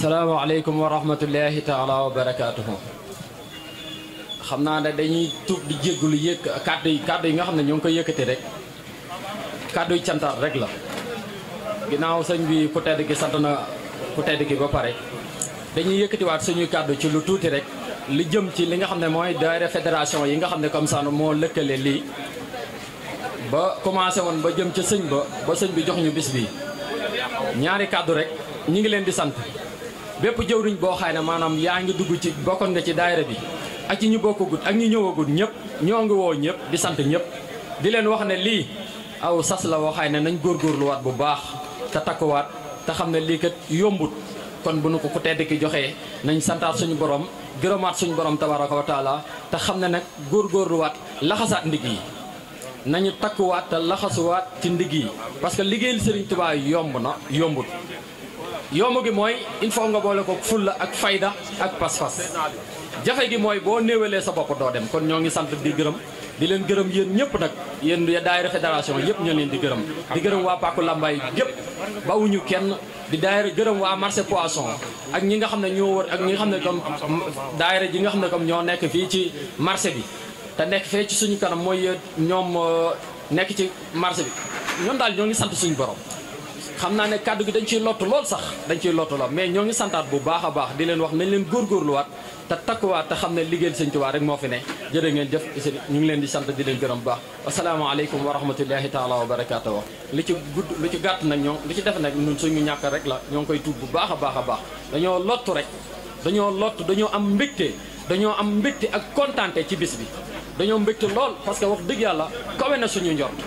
salaamaaleykum wa rahmatullahi taala wa barakaatuhu xam naa ne dañuy tuub di jéggulu yëkk kàddu yi yi nga xam ne ñoo ngi koy yëkkati rek kàddu yi cantaat rek la ginnaaw sëñ bi ku tedd ki sant na ku tedd ki ba pare dañuy yëkkatiwaat suñuy kàddu ci lu tuuti rek li jëm ci li nga xam ne mooy daayira fédération yi nga xam ne comme ça moo lëkkale lii ba commencé woon ba jëm ca sëñ ba ba sëñ bi jox ñu bis bi ñaari kàddu rek ñu ngi leen di sant bépp jëw boo xay ne maanaam yaa ngi dugg ci bokkoon nga ci daayira bi ak ci bokk bokkagut ak ñu gudd ñëpp ñoo ngi woo ñëpp di sant ñëpp di leen wax ne lii aw sas la woo xay ne nañ góorluwaat bu baax te takkuwaat te xam ne lii kat yombut kon bu nu ko ku tedd ki joxee nañ santaat suñu borom gërëmaat suñu borom tabaraka wa taala te xam ne nag góorgóorluwaat laxasaat ndig yi nañu takkuwaat te laxasuwaat ci ndigg yi parce que liggéeyal Sëriñ Tuubaa yomb na yombut yomb gi mooy il faut nga boole ko fulla ak fayda ak pas-pas jafe gi mooy boo néewalee sa bopp doo dem kon ñoo ngi sant di gërëm di leen gërëm yéen ñëpp nag yéen daay fédération yëpp ñoo leen di gërëm di gërëm waa Pàkku Lambaay yëpp ñu kenn di daayira gërëm waa marché poisson ak ñi nga xam ne ñoo wër ak ñi nga xam ne comme daayira ji nga xam ne comme ñoo nekk fii ci marché bi te nekk fee ci suñu kanam mooy ñoom euh, nekk ci marché bi ñoom daal ñoo ngi sant suñu borom xam naa ne kàddu gi dañ ciy lottu lool sax dañ ciy lottu lool mais ñoo ngi santaat bu baax a baax di leen wax nañ leen góor góorgóorluwaat te takkuwaat te xam ne liggéeyal sëñ Tuubaa rek moo fi ne jërë ngeen jëf ñu ngi leen di sant di leen gërëm bu baax asalaamaaleykum wa rahmatullahi taala wa barakaatu li ci gudd li ci gàtt nag ñoo li ci def nag ñun suñu ñàkk rek la ñoo ngi koy tuub bu baax a baax a baax dañoo lottu rek dañoo lott dañoo am mbégte dañoo am mbégte ak kontaante ci bis bi dañoo mbégte lool parce que wax dëgg yàlla kawe na suñu njort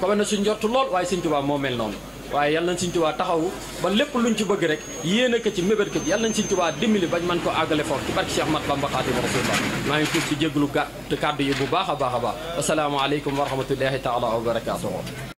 kawe na suñu njort lool waaye sëñ Tuubaa moo mel noonu waaye yal nañ Sëriñ Tuubaa taxawu ba lépp luñ ci bëgg rek yéene ko ci mébét ko ci yal nañ Sëriñ Tuubaa dimbali bañ mën ko àggale foofu ci barke Cheikh Mat Bamba Xaadimu Rasuul maa ngi tuub ci jéglu gàtt kàddu yi bu baax a baax a baax asalaamaaleykum wa rahmatullahi taala wa barakaatuhu